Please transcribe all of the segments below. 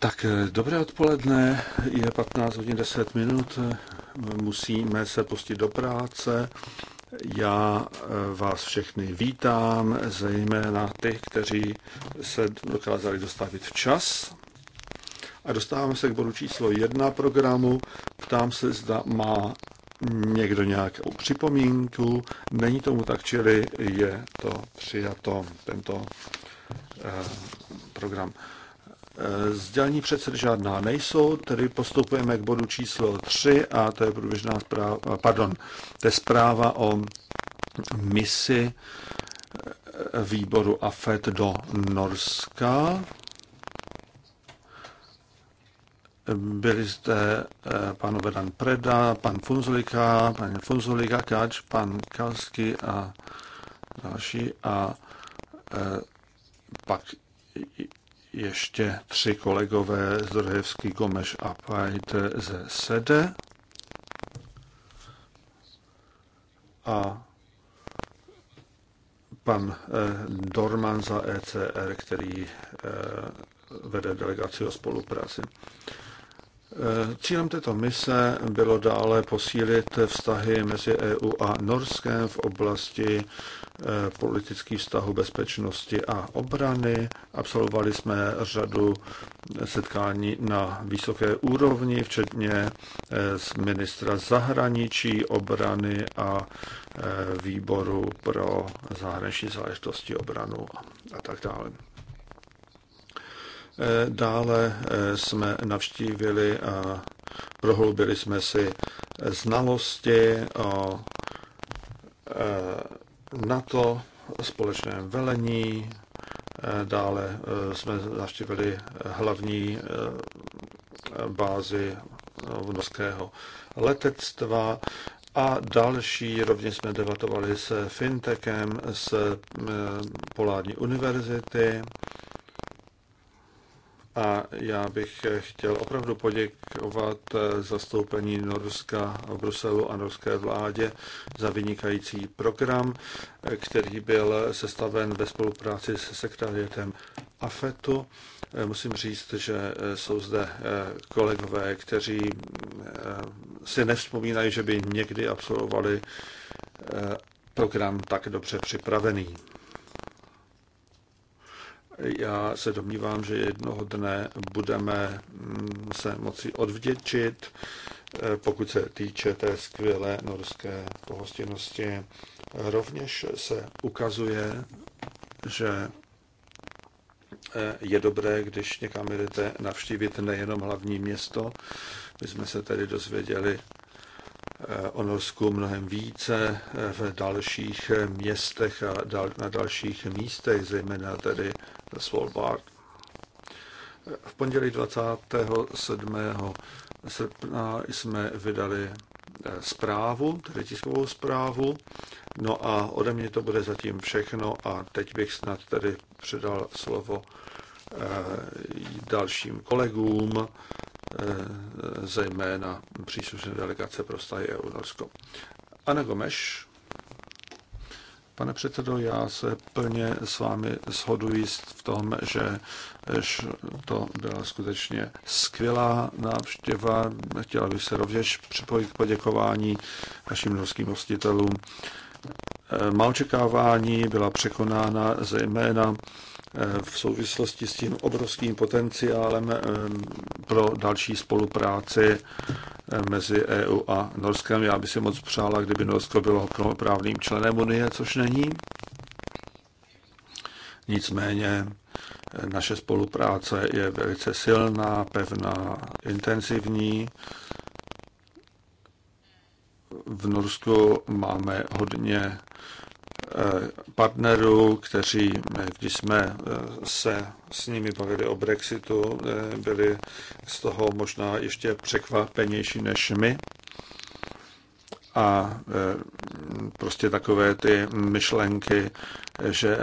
Tak eh, dobré odpoledne, je 15 hodin 10 minut, eh, musíme se pustit do práce. Já eh, vás všechny vítám, zejména ty, kteří se dokázali dostavit včas. A dostáváme se k bodu číslo jedna programu. Ptám se, zda má někdo nějakou připomínku. Není tomu tak, čili je to přijato tento Eh, program. Eh, sdělení předsed žádná nejsou, tedy postupujeme k bodu číslo 3 a to je průběžná zpráva, eh, pardon, to je zpráva o misi výboru AFET do Norska. Byli zde pan Vedan Preda, pan Funzulika, pan Funzulika Kač, pan Kalsky a další a pak ještě tři kolegové Zdrojevský, Gomeš a Pajt ze SEDE. A pan eh, Dorman za ECR, který eh, vede delegaci o spolupráci. Eh, cílem této mise bylo dále posílit vztahy mezi EU a Norskem v oblasti eh, politických vztahů bezpečnosti a obrany. Absolvovali jsme řadu setkání na vysoké úrovni, včetně z eh, ministra zahraničí, obrany a výboru pro zahraniční záležitosti, obranu a tak dále. Eh, dále eh, jsme navštívili a prohloubili jsme si znalosti o eh, NATO, společném velení, dále jsme navštívili hlavní bázi vnorského letectva a další. Rovněž jsme debatovali se Fintechem z Polární univerzity a já bych chtěl opravdu poděkovat eh, zastoupení Norska v Bruselu a norské vládě za vynikající program, eh, který byl sestaven ve spolupráci se sekretariatem AFETu. Eh, musím říct, že jsou zde kolegové, kteří si nevzpomínají, že by někdy absolvovali program tak dobře připravený. Já se domnívám, že jednoho dne budeme mm, se moci odvděčit, eh, pokud se týče té skvělé norské pohostinnosti. Rovněž se ukazuje, že eh, je dobré, když někam jdete navštívit nejenom hlavní město. My jsme se tedy dozvěděli Eh, o Norsku mnohem více eh, v dalších eh, městech a dal, na dalších místech, zejména tedy Svalbard. V pondělí 27. srpna jsme vydali zprávu, tedy tiskovou zprávu. No a ode mě to bude zatím všechno a teď bych snad tedy předal slovo dalším kolegům Eh, zejména příslušné delegace pro vztahy EU Norsko. Pane Gomeš. Pane předsedo, já se plně s vámi shoduji v tom, že eh, to byla skutečně skvělá návštěva. Chtěla bych se rovněž připojit k poděkování našim norským hostitelům Eh, má očekávání byla překonána zejména eh, v souvislosti s tím obrovským potenciálem eh, pro další spolupráci mezi EU a Norskem. Já bych si moc přála, kdyby Norsko bylo právným členem Unie, což není. Nicméně naše spolupráce je velice silná, pevná, intenzivní v Norsku máme hodně eh, partnerů, kteří, eh, když jsme eh, se s nimi bavili o Brexitu, byli z toho možná ještě překvapenější než my. A prostě takové ty myšlenky, že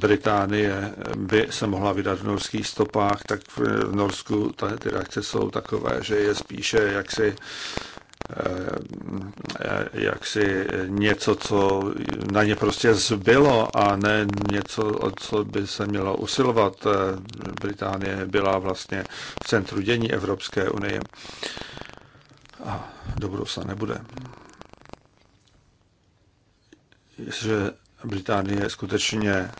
Británie by se mohla vydat v norských stopách, tak v Norsku ty reakce jsou takové, že je spíše jaksi Eh, jaksi něco, co na ně prostě zbylo a ne něco, o co by se mělo usilovat. Eh, Británie byla vlastně v centru dění Evropské unie a do budoucna nebude. Jestliže Británie skutečně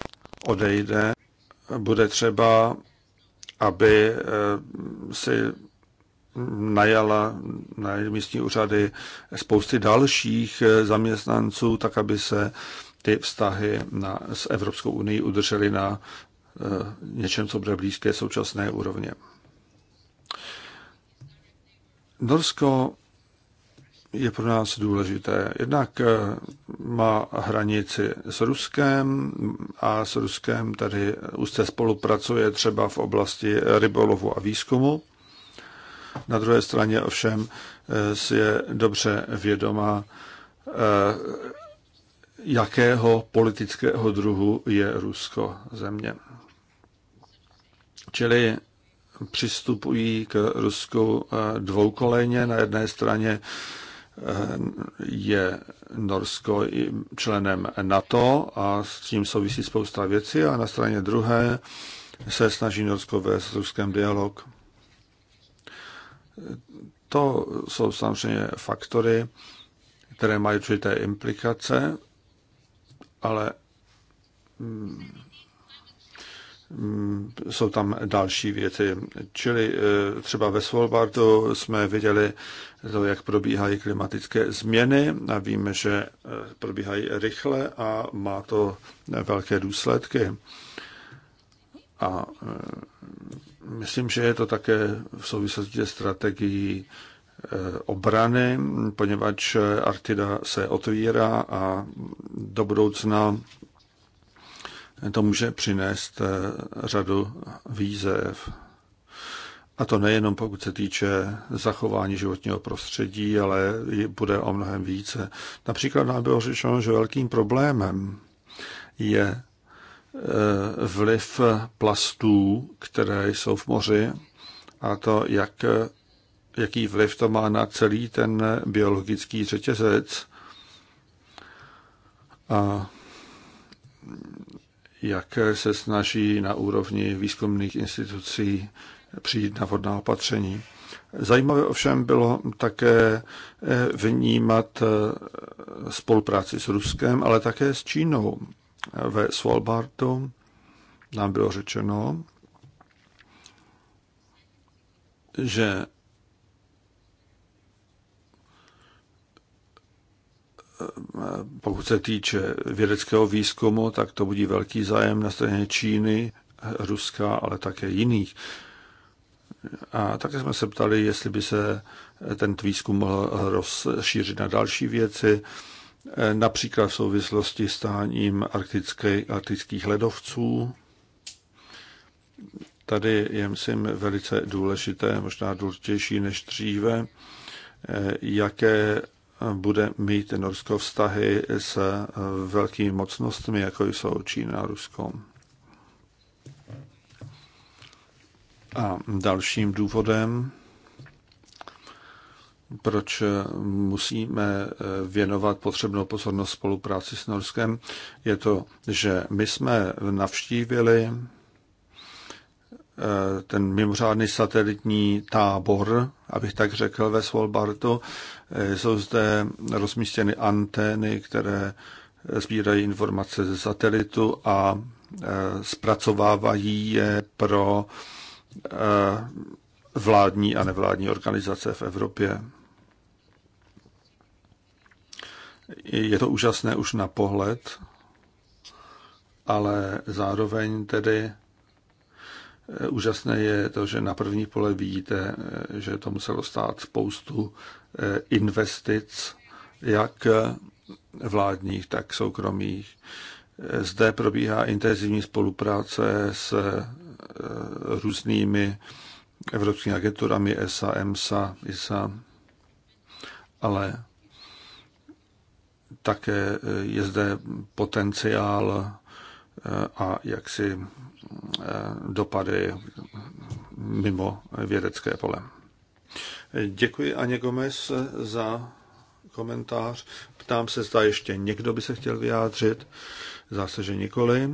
odejde, bude třeba, aby eh, si najala na místní úřady spousty dalších eh, zaměstnanců, tak aby se ty vztahy na, s Evropskou unii udržely na e, něčem, co bude blízké současné úrovně. Norsko je pro nás důležité. Jednak eh, má hranici s Ruskem a s Ruskem tady úzce spolupracuje třeba v oblasti rybolovu a výzkumu. Na druhé straně ovšem eh, si je dobře vědoma, eh, jakého politického druhu je Rusko země. Čili přistupují k Rusku eh, dvoukolejně. Na jedné straně je Norsko členem NATO a s tím souvisí spousta věcí a na straně druhé se snaží Norsko vést s Ruskem dialog. To jsou samozřejmě faktory, které mají určité implikace, ale mm, jsou tam další věci. Čili eh, třeba ve Svalbardu jsme viděli to, jak probíhají klimatické změny a víme, že eh, probíhají rychle a má to velké důsledky. A eh, Myslím, že je to také v souvislosti se strategií eh, obrany, poněvadž eh, Artida se otvírá a do budoucna to může přinést eh, řadu výzev. A to nejenom pokud se týče zachování životního prostředí, ale bude o mnohem více. Například nám bylo řečeno, že velkým problémem je Eh, vliv plastů, které jsou v moři, a to, jak, jaký vliv to má na celý ten biologický řetězec. A jak se snaží na úrovni výzkumných institucí přijít na vodná opatření. Zajímavé ovšem bylo také eh, vnímat eh, spolupráci s Ruskem, ale také s Čínou, ve Svalbardu nám bylo řečeno, že pokud se týče vědeckého výzkumu, tak to budí velký zájem na straně Číny, Ruska, ale také jiných. A také jsme se ptali, jestli by se ten výzkum mohl rozšířit na další věci, například v souvislosti s táním arktických ledovců. Tady je, myslím, velice důležité, možná důležitější než dříve, eh, jaké bude mít Norsko vztahy s eh, velkými mocnostmi, jako jsou Čína a Rusko. A dalším důvodem proč eh, musíme eh, věnovat potřebnou pozornost spolupráci s Norskem, je to, že my jsme navštívili eh, ten mimořádný satelitní tábor, abych tak řekl, ve Svalbardu. Jsou zde rozmístěny antény, které sbírají informace ze satelitu a zpracovávají je pro vládní a nevládní organizace v Evropě. Je to úžasné už na pohled, ale zároveň tedy eh, úžasné je to, že na první pole vidíte, eh, že to muselo stát spoustu eh, investic, jak vládních, tak soukromých. Zde probíhá intenzivní spolupráce s různými evropskými agenturami ESA, EMSA, ISA, ale také eh, je zde potenciál eh, a jaksi eh, dopady mimo vědecké pole. Děkuji Aně Gomez za komentář. Ptám se, zda ještě někdo by se chtěl vyjádřit. Zase, že nikoli.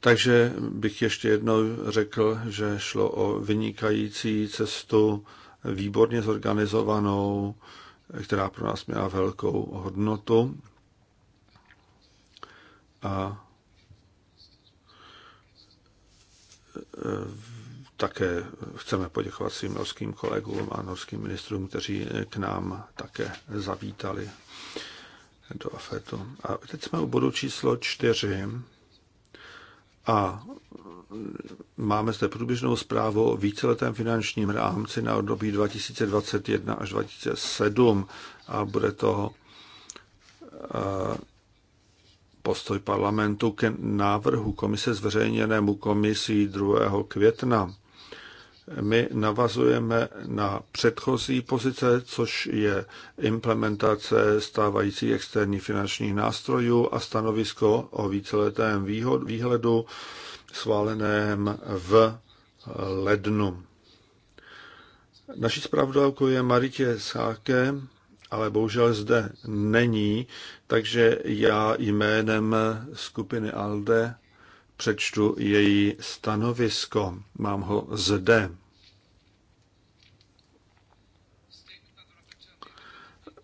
Takže bych ještě jednou řekl, že šlo o vynikající cestu, výborně zorganizovanou, která pro nás měla velkou hodnotu. A e, také chceme poděkovat svým norským kolegům a norským ministrům, kteří k nám také zavítali do AFETu. A teď jsme u bodu číslo čtyři. A máme zde průběžnou zprávu o víceletém finančním rámci na období 2021 až 2007 a bude to eh, postoj parlamentu ke návrhu komise zveřejněnému komisí 2. května. My navazujeme na předchozí pozice, což je implementace stávajících externích finančních nástrojů a stanovisko o víceletém výhledu schváleném v lednu. Naší zpravodajkou je Maritě Sáke, ale bohužel zde není, takže já jménem skupiny ALDE přečtu její stanovisko. Mám ho zde.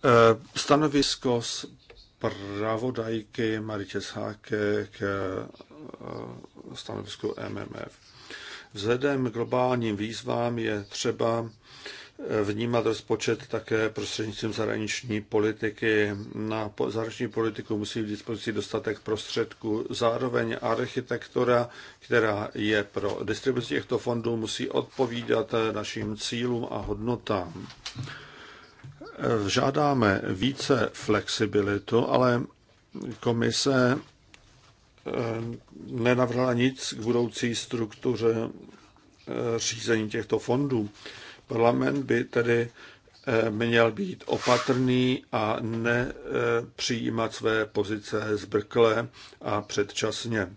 Eh, stanovisko zpravodajky Maritě Sáke k Eh, stanovisku MMF. Vzhledem k globálním výzvám je třeba eh, vnímat rozpočet také prostřednictvím zahraniční politiky. Na zahraniční politiku musí v dispozici dostatek prostředků. Zároveň architektura, která je pro distribuci těchto fondů, musí odpovídat eh, našim cílům a hodnotám. Žádáme více flexibilitu, ale komise Eh, nenavrhla nic k budoucí struktuře eh, řízení těchto fondů. Parlament by tedy eh, měl být opatrný a nepřijímat své pozice zbrkle a předčasně.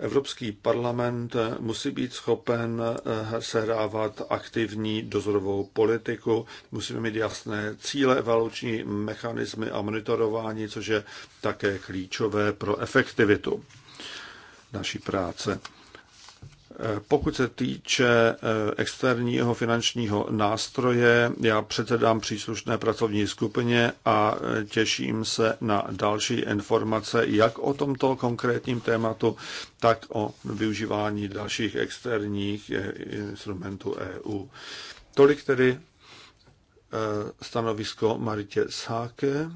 Evropský parlament musí být schopen eh, sehrávat aktivní dozorovou politiku, musíme mít jasné cíle, evaluační mechanismy a monitorování, což je také klíčové pro efektivitu naší práce. Pokud se týče eh, externího finančního nástroje, já předsedám příslušné pracovní skupině a eh, těším se na další informace jak o tomto konkrétním tématu, tak o využívání dalších externích eh, instrumentů EU. Tolik tedy stanovisko Maritě Sáke.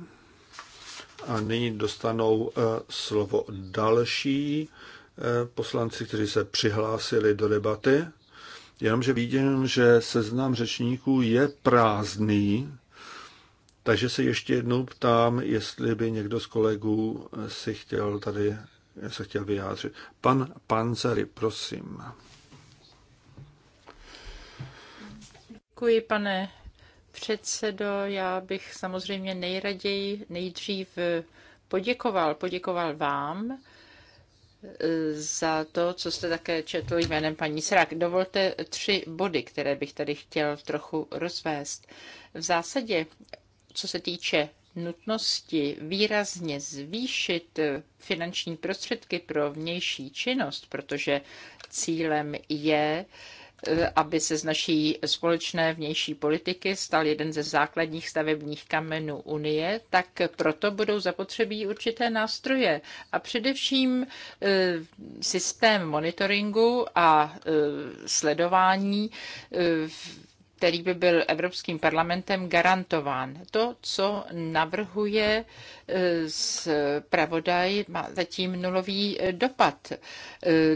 A nyní dostanou slovo další Eh, poslanci, kteří se přihlásili do debaty, jenomže vidím, že seznam řečníků je prázdný, takže se ještě jednou ptám, jestli by někdo z kolegů si chtěl tady se chtěl vyjádřit. Pan Panzery, prosím. Děkuji, pane předsedo. Já bych samozřejmě nejraději nejdřív poděkoval. Poděkoval vám za to, co jste také četl jménem paní Srak. Dovolte tři body, které bych tady chtěl trochu rozvést. V zásadě, co se týče nutnosti výrazně zvýšit finanční prostředky pro vnější činnost, protože cílem je aby se z naší společné vnější politiky stal jeden ze základních stavebních kamenů Unie, tak proto budou zapotřebí určité nástroje a především e, systém monitoringu a e, sledování e, který by byl Evropským parlamentem garantován. To, co navrhuje e, zpravodaj, má zatím nulový e, dopad e,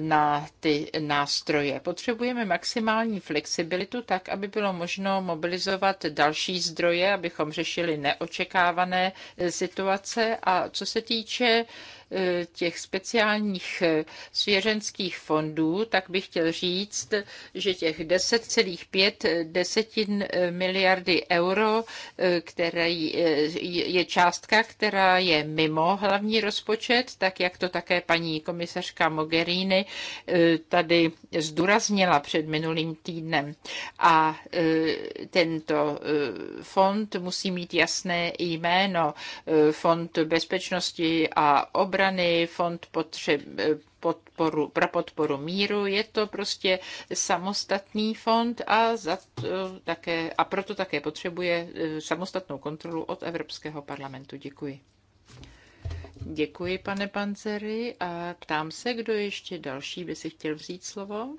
na ty nástroje. Potřebujeme maximální flexibilitu tak, aby bylo možno mobilizovat další zdroje, abychom řešili neočekávané situace. A co se týče E, těch speciálních e, svěřenských fondů, tak bych chtěl říct, že těch 10,5 desetin e, miliardy euro, které je částka, která je mimo hlavní rozpočet, tak jak to také paní komisařka Mogherini tady zdůraznila před minulým týdnem. A tento fond musí mít jasné jméno, Fond bezpečnosti a obrany obrany, fond potřeb, podporu, pro podporu míru. Je to prostě samostatný fond a, za to také, a proto také potřebuje eh, samostatnou kontrolu od Evropského parlamentu. Děkuji. Děkuji, pane Panzery, a ptám se, kdo ještě další by si chtěl vzít slovo.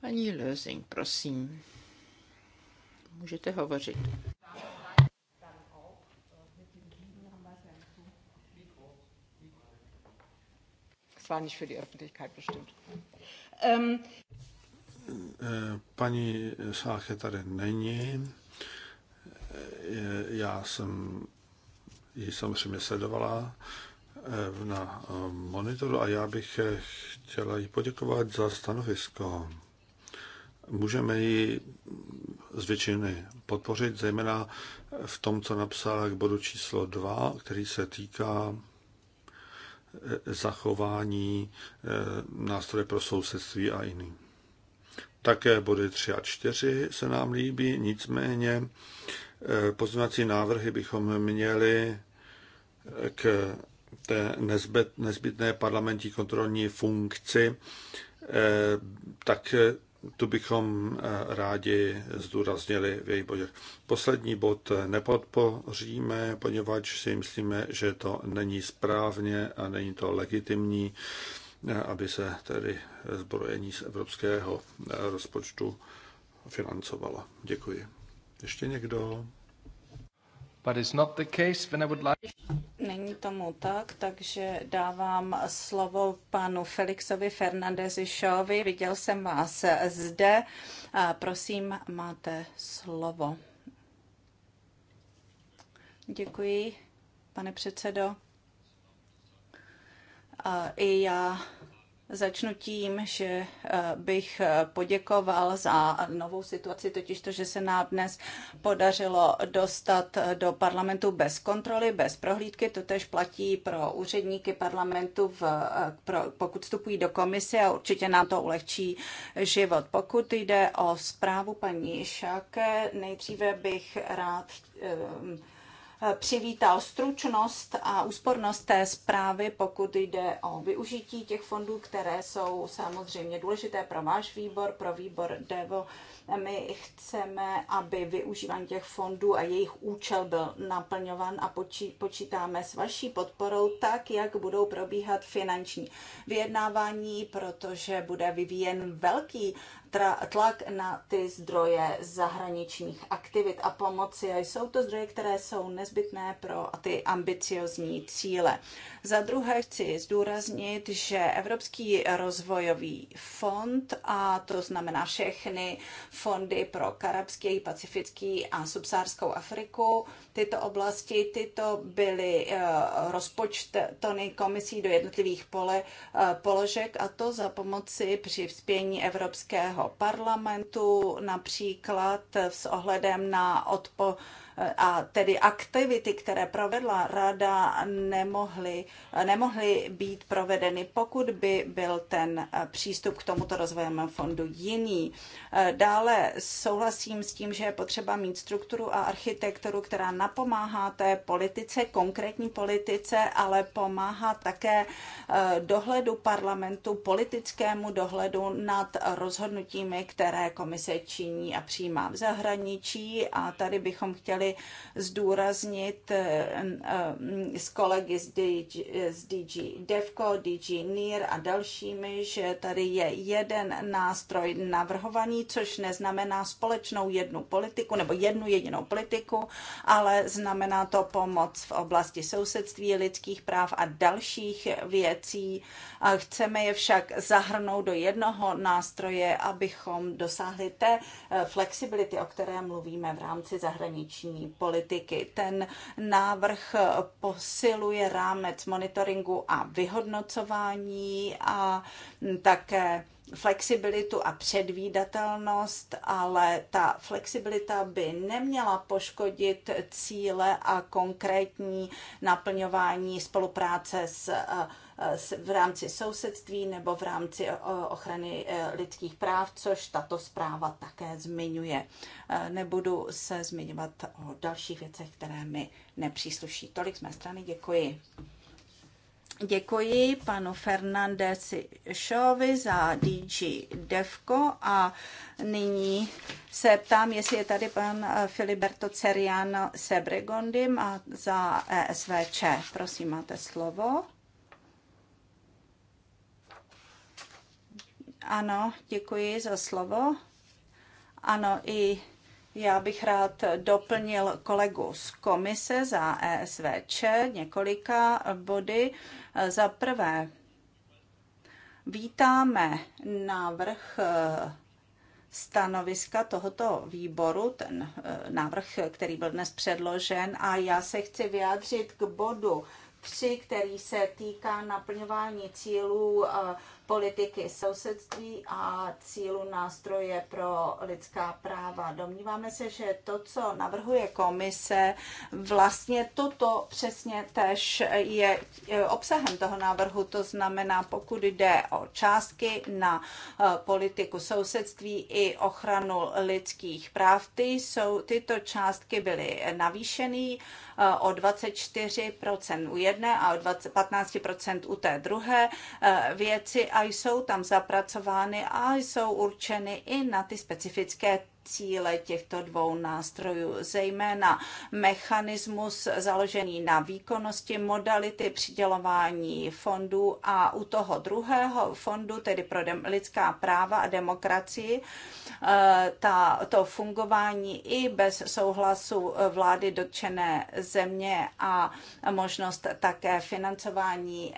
Paní Lösing, prosím. Můžete hovořit. zwar nicht für die Öffentlichkeit bestimmt. Ähm, eh, Pani Sáche tady není. Eh, já jsem ji samozřejmě sledovala eh, na monitoru a já bych chtěla jí poděkovat za stanovisko. Můžeme ji z většiny podpořit, zejména v tom, co napsala k bodu číslo 2, který se týká zachování eh, nástroje pro sousedství a jiný. Také body 3 a 4 se nám líbí, nicméně eh, pozměňovací návrhy bychom měli eh, k té nezbytné parlamentní kontrolní funkci, tak tu bychom eh, rádi zdůraznili v jejich bodě. Poslední bod nepodpoříme, poněvadž si myslíme, že to není správně a není to legitimní, eh, aby se tedy zbrojení z evropského eh, rozpočtu financovalo. Děkuji. Ještě někdo? But it's not the case, when I would like tomu tak, takže dávám slovo panu Felixovi Fernandezi Šovi. Viděl jsem vás zde. Prosím, máte slovo. Děkuji, pane předsedo. I já Začnu tím, že eh, bych eh, poděkoval za novou situaci, totiž to, že se nám dnes podařilo dostat eh, do parlamentu bez kontroly, bez prohlídky. To tež platí pro úředníky parlamentu, v, pro, pokud vstupují do komise a určitě nám to ulehčí život. Pokud jde o zprávu paní Šáke, nejdříve bych rád um, přivítal stručnost a úspornost té zprávy, pokud jde o využití těch fondů, které jsou samozřejmě důležité pro váš výbor, pro výbor DEVO. My chceme, aby využívání těch fondů a jejich účel byl naplňovan a počítáme s vaší podporou tak, jak budou probíhat finanční vyjednávání, protože bude vyvíjen velký tlak na ty zdroje zahraničních aktivit a pomoci. A jsou to zdroje, které jsou nezbytné pro ty ambiciozní cíle. Za druhé chci zdůraznit, že Evropský rozvojový fond, a to znamená všechny fondy pro Karabský, Pacifický a subsárskou Afriku, tyto oblasti, tyto byly eh, rozpočtony komisí do jednotlivých pole, eh, položek a to za pomoci při vzpění Evropského Evropského parlamentu, například s ohledem na odpo a tedy aktivity, které provedla rada, nemohly, nemohly být provedeny, pokud by byl ten eh, přístup k tomuto rozvojovému fondu jiný. Eh, dále souhlasím s tím, že je potřeba mít strukturu a architekturu, která napomáhá té politice, konkrétní politice, ale pomáhá také eh, dohledu parlamentu, politickému dohledu nad rozhodnutími, které komise činí a přijímá v zahraničí. A tady bychom chtěli zdůraznit eh, eh, s kolegy z DG, eh, z DG DEVCO, DG NIR a dalšími, že tady je jeden nástroj navrhovaný, což neznamená společnou jednu politiku nebo jednu jedinou politiku, ale znamená to pomoc v oblasti sousedství, lidských práv a dalších věcí. Chceme je však zahrnout do jednoho nástroje, abychom dosáhli té flexibility, o které mluvíme v rámci zahraniční komunitní politiky. Ten návrh posiluje rámec monitoringu a vyhodnocování a také flexibilitu a předvídatelnost, ale ta flexibilita by neměla poškodit cíle a konkrétní naplňování spolupráce s eh, v rámci sousedství nebo v rámci eh, ochrany eh, lidských práv, což tato zpráva také zmiňuje. Eh, nebudu se zmiňovat o dalších věcech, které mi nepřísluší. Tolik z mé strany, děkuji. Děkuji panu Fernandesi Šovi za DG Devko a nyní se ptám, jestli je tady pan Filiberto Ceriano Sebregondim a za ESVČ. Prosím, máte slovo. Ano, děkuji za slovo. Ano, i já bych rád doplnil kolegu z komise za ESVČ několika body. Za prvé, vítáme návrh eh, stanoviska tohoto výboru, ten eh, návrh, který byl dnes předložen, a já se chci vyjádřit k bodu 3, který se týká naplňování cílů eh, politiky sousedství a cílu nástroje pro lidská práva. Domníváme se, že to, co navrhuje komise, vlastně toto přesně tež je obsahem toho návrhu. To znamená, pokud jde o částky na eh, politiku sousedství i ochranu lidských práv, ty jsou, tyto částky byly navýšeny eh, o 24% u jedné a o 20, 15% u té druhé eh, věci a a jsou tam zapracovány a jsou určeny i na ty specifické cíle těchto dvou nástrojů, zejména mechanismus založený na výkonnosti, modality přidělování fondů a u toho druhého fondu, tedy pro lidská práva a demokracii, eh, ta, to fungování i bez souhlasu vlády dotčené země a možnost také financování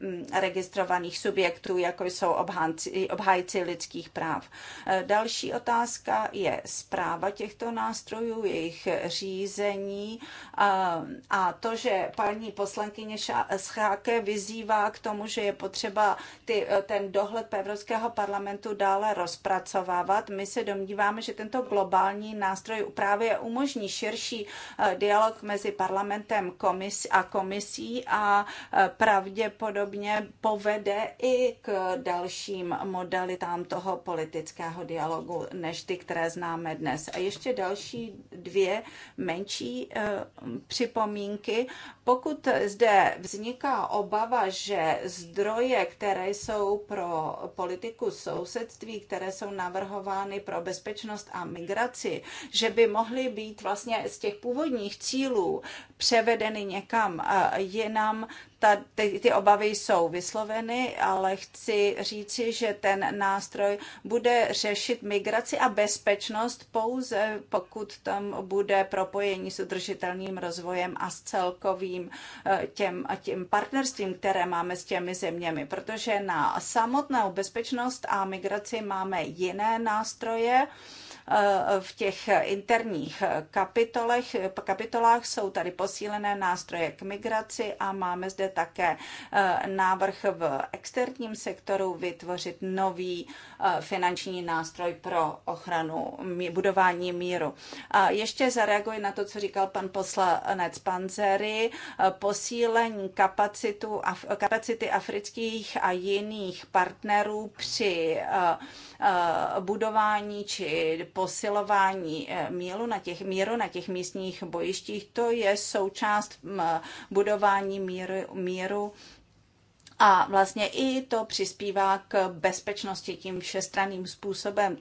neregistrovaných subjektů, jako jsou obhájci lidských práv. Eh, další otázka je zpráva těchto nástrojů, jejich řízení a to, že paní poslankyně Scháke vyzývá k tomu, že je potřeba ty, ten dohled Evropského parlamentu dále rozpracovávat. My se domníváme, že tento globální nástroj právě umožní širší dialog mezi parlamentem komis a komisí a pravděpodobně povede i k dalším modalitám toho politického dialogu, než ty, které které známe dnes. A ještě další dvě menší eh, připomínky. Pokud zde vzniká obava, že zdroje, které jsou pro politiku sousedství, které jsou navrhovány pro bezpečnost a migraci, že by mohly být vlastně z těch původních cílů převedeny někam eh, jinam, ta, ty, ty obavy jsou vysloveny, ale chci říci, že ten nástroj bude řešit migraci a bezpečnost pouze, pokud tam bude propojení s udržitelným rozvojem a s celkovým eh, těm, tím partnerstvím, které máme s těmi zeměmi, protože na samotnou bezpečnost a migraci máme jiné nástroje, Eh, v těch interních kapitolech, kapitolách jsou tady posílené nástroje k migraci a máme zde také eh, návrh v externím sektoru vytvořit nový eh, finanční nástroj pro ochranu budování míru. A ještě zareaguji na to, co říkal pan poslanec Panzery. Posílení kapacitu, kapacity afrických a jiných partnerů při budování či posilování eh, míru na těch, míru na těch místních bojištích, to je součást budování míru, míru a vlastně i to přispívá k bezpečnosti tím všestranným způsobem.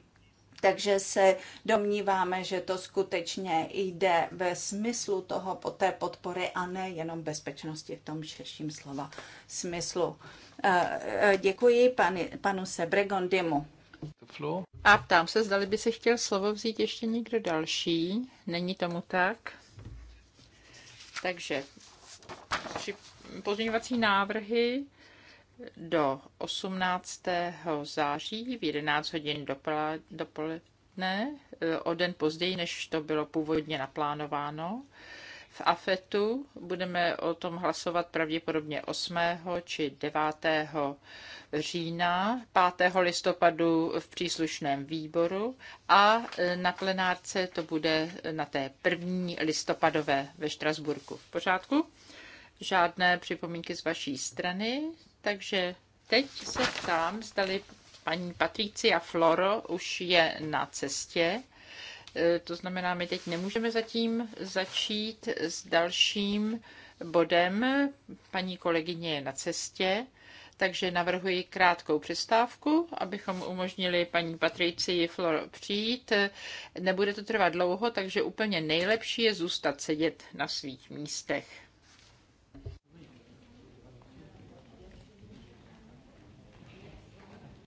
Takže se domníváme, že to skutečně jde ve smyslu toho po té podpory a ne jenom bezpečnosti v tom širším slova smyslu. Eh, eh, děkuji panu Sebregondimu. A ptám se, zdali by se chtěl slovo vzít ještě někdo další. Není tomu tak. Takže pozměňovací návrhy do 18. září v 11 hodin dopoledne, eh, o den později, než to bylo původně naplánováno v AFETu. Budeme o tom hlasovat pravděpodobně 8. či 9. října, 5. listopadu v příslušném výboru a na plenárce to bude na té první listopadové ve Štrasburku. V pořádku? Žádné připomínky z vaší strany, takže teď se ptám, zdali paní Patricia Floro už je na cestě Eh, to znamená, my teď nemůžeme zatím začít s dalším bodem. Paní kolegyně je na cestě, takže navrhuji krátkou přestávku, abychom umožnili paní Patricii Flor přijít. Nebude to trvat dlouho, takže úplně nejlepší je zůstat sedět na svých místech.